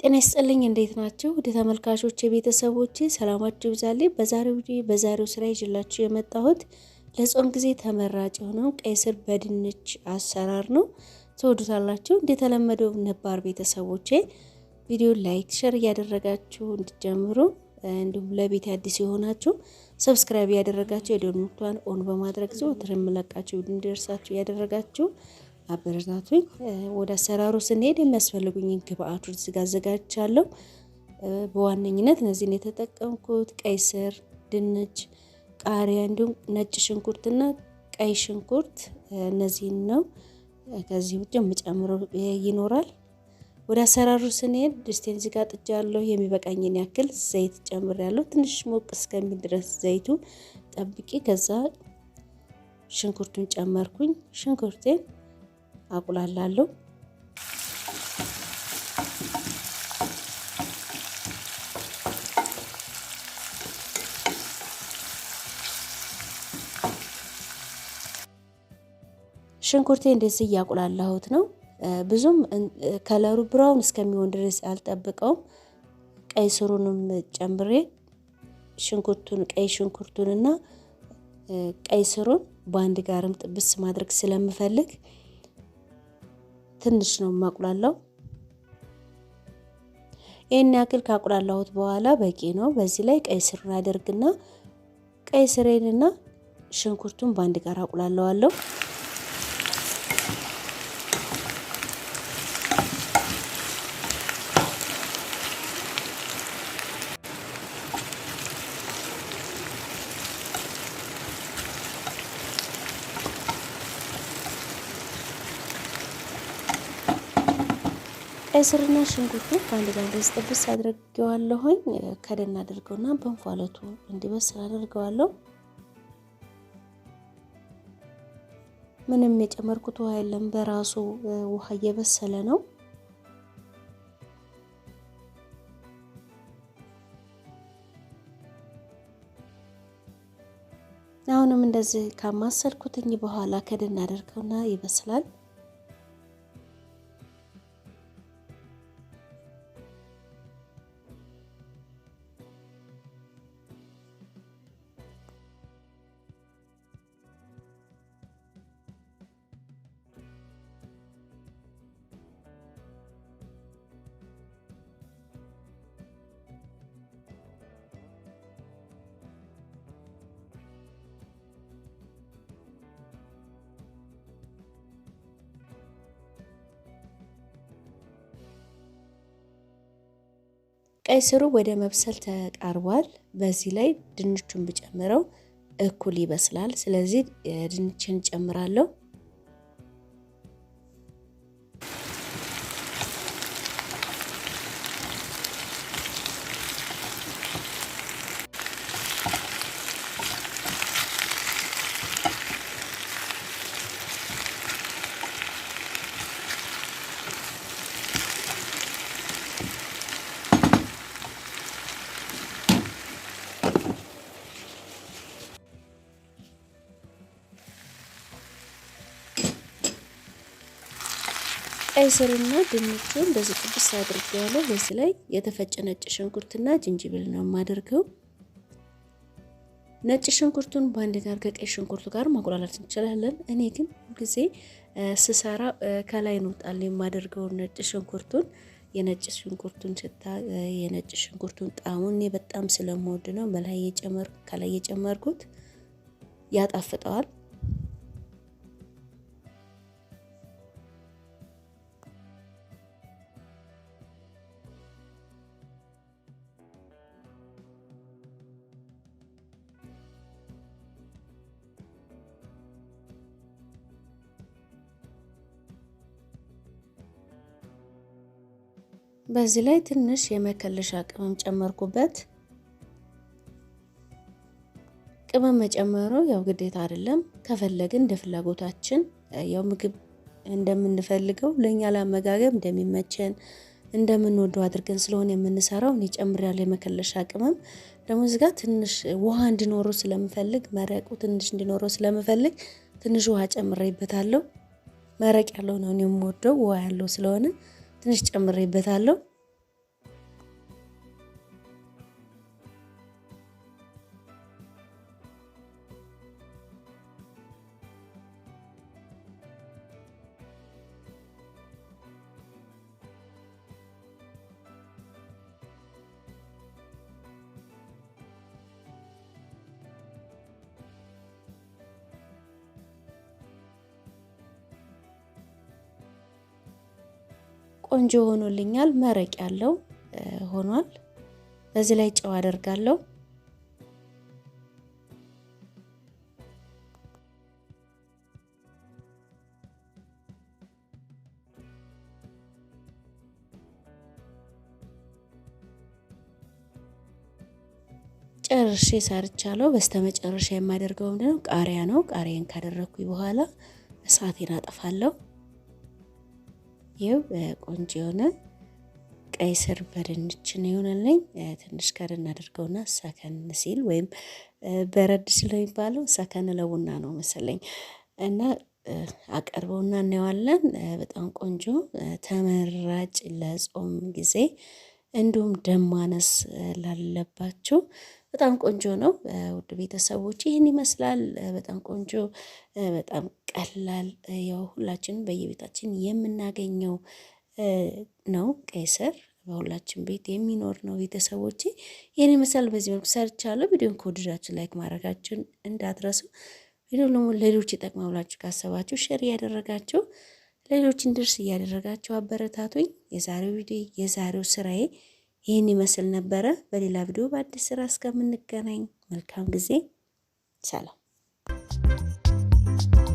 ጤና ይስጥልኝ። እንዴት ናቸው ወደ ተመልካቾች የቤተሰቦች ሰላማችሁ ይብዛልኝ። በዛሬው በዛሬው ስራ ይዤላችሁ የመጣሁት ለጾም ጊዜ ተመራጭ የሆነው ቀይ ስር በድንች አሰራር ነው። ትወዱታላችሁ። እንደተለመደው ነባር ቤተሰቦቼ ቪዲዮ ላይክ፣ ሸር እያደረጋችሁ እንድጀምሩ እንዲሁም ለቤት አዲስ የሆናችሁ ሰብስክራይብ እያደረጋችሁ የደወል ምልክቷን ኦን በማድረግ ዘወትር የምለቃችሁ እንዲደርሳችሁ እያደረጋችሁ አበረታቱኝ። ወደ አሰራሩ ስንሄድ የሚያስፈልጉኝን ግብአቶች እዚህ አዘጋጅቻለሁ። በዋነኝነት እነዚህን የተጠቀምኩት ቀይ ስር፣ ድንች፣ ቃሪያ እንዲሁም ነጭ ሽንኩርትና ቀይ ሽንኩርት እነዚህን ነው። ከዚህ ውጭ የምጨምረው ይኖራል። ወደ አሰራሩ ስንሄድ ድስቴን እዚህ ጋር ጥጃለሁ። የሚበቃኝን ያክል ዘይት ጨምሬያለሁ። ትንሽ ሞቅ እስከሚል ድረስ ዘይቱ ጠብቄ ከዛ ሽንኩርቱን ጨመርኩኝ። ሽንኩርቴን አቁላላለሁ። ሽንኩርቴ እንደዚህ እያቁላላሁት ነው። ብዙም ከለሩ ብራውን እስከሚሆን ድረስ አልጠብቀውም። ቀይ ስሩንም ጨምሬ ሽንኩርቱን ቀይ ሽንኩርቱንና ቀይ ስሩን በአንድ ጋርም ጥብስ ማድረግ ስለምፈልግ ትንሽ ነው የማቁላለው። ይህን ያክል ካቁላላሁት በኋላ በቂ ነው። በዚህ ላይ ቀይ ስር አደርግና ቀይ ስሬንና ሽንኩርቱን በአንድ ጋር አቁላለዋለሁ። ቀይ ሽንኩርቱ በአንድ ላይ እንደዚህ ጥብስ አድርጌዋለሁኝ። ከደን አድርገውና በእንፋሎቱ እንዲበስል አድርገዋለሁ። ምንም የጨመርኩት ውሃ የለም። በራሱ ውሃ እየበሰለ ነው። አሁንም እንደዚህ ካማሰልኩትኝ በኋላ ከደን አደርገውና ይበስላል። ቀይ ስሩ ወደ መብሰል ተቃርቧል። በዚህ ላይ ድንቹን ብጨምረው እኩል ይበስላል። ስለዚህ ድንችን ጨምራለሁ። ቀይ ስርና ድንቹን በዚህ ቅዱስ አድርጌ ያለው በዚህ ላይ የተፈጨ ነጭ ሽንኩርትና ጅንጅብል ነው የማደርገው። ነጭ ሽንኩርቱን በአንድ ጋር ከቀይ ሽንኩርቱ ጋር ማቁላላት እንችላለን። እኔ ግን ሁልጊዜ ስሰራ ከላይ ነው የማደርገውን ነጭ ሽንኩርቱን የነጭ ሽንኩርቱን ሽታ የነጭ ሽንኩርቱን ጣዕሙን እኔ በጣም ስለምወድ ነው በላይ ከላይ የጨመርኩት ያጣፍጠዋል። በዚህ ላይ ትንሽ የመከለሻ ቅመም ጨመርኩበት። ቅመም መጨመሩ ያው ግዴታ አይደለም። ከፈለግን እንደ ፍላጎታችን ያው ምግብ እንደምንፈልገው ለእኛ ለአመጋገብ እንደሚመቸን እንደምንወደው አድርገን ስለሆነ የምንሰራው እኔ ጨምሬያለሁ የመከለሻ ቅመም። ደግሞ እዚህ ጋር ትንሽ ውሃ እንዲኖረው ስለምፈልግ መረቁ ትንሽ እንዲኖረው ስለምፈልግ ትንሽ ውሃ ጨምሬበታለሁ። መረቅ ያለው ነው የምወደው ውሃ ያለው ስለሆነ ትንሽ ጨምሬበታለሁ። ቆንጆ ሆኖልኛል። መረቅ ያለው ሆኗል። በዚህ ላይ ጨው አደርጋለሁ። ጨርሼ ሰርቻለሁ። በስተመጨረሻ የማደርገው ምንድነው ቃሪያ ነው። ቃሪያን ካደረግኩኝ በኋላ እሳቴን አጠፋለሁ። ይው ቆንጆ የሆነ ቀይ ስር በድንች ነው የሆነልኝ። ትንሽ ከር እናደርገውና ሰከን ሲል ወይም በረድ ሲል የሚባለው ሰከን ለቡና ነው መሰለኝ እና አቀርበውና እናየዋለን። በጣም ቆንጆ ተመራጭ ለጾም ጊዜ እንዲሁም ደም ማነስ ላለባችሁ በጣም ቆንጆ ነው። ውድ ቤተሰቦች ይህን ይመስላል። በጣም ቆንጆ፣ በጣም ቀላል ያው ሁላችንም በየቤታችን የምናገኘው ነው። ቀይ በሁላችን ቤት የሚኖር ነው። ቤተሰቦች ይህን ይመስላል። በዚህ መልኩ ሰርቻለሁ። ቪዲዮን ከወደዳችሁ ላይክ ማድረጋችሁን እንዳትረሱ። ቪዲዮ ደግሞ ሌሎች ይጠቅማል ብላችሁ ካሰባችሁ ሼር እያደረጋችሁ ለሌሎች እንድርስ እያደረጋቸው አበረታቱኝ። የዛሬው ቪዲዮ የዛሬው ስራዬ ይህን ይመስል ነበረ። በሌላ ቪዲዮ በአዲስ ስራ እስከምንገናኝ መልካም ጊዜ፣ ሰላም።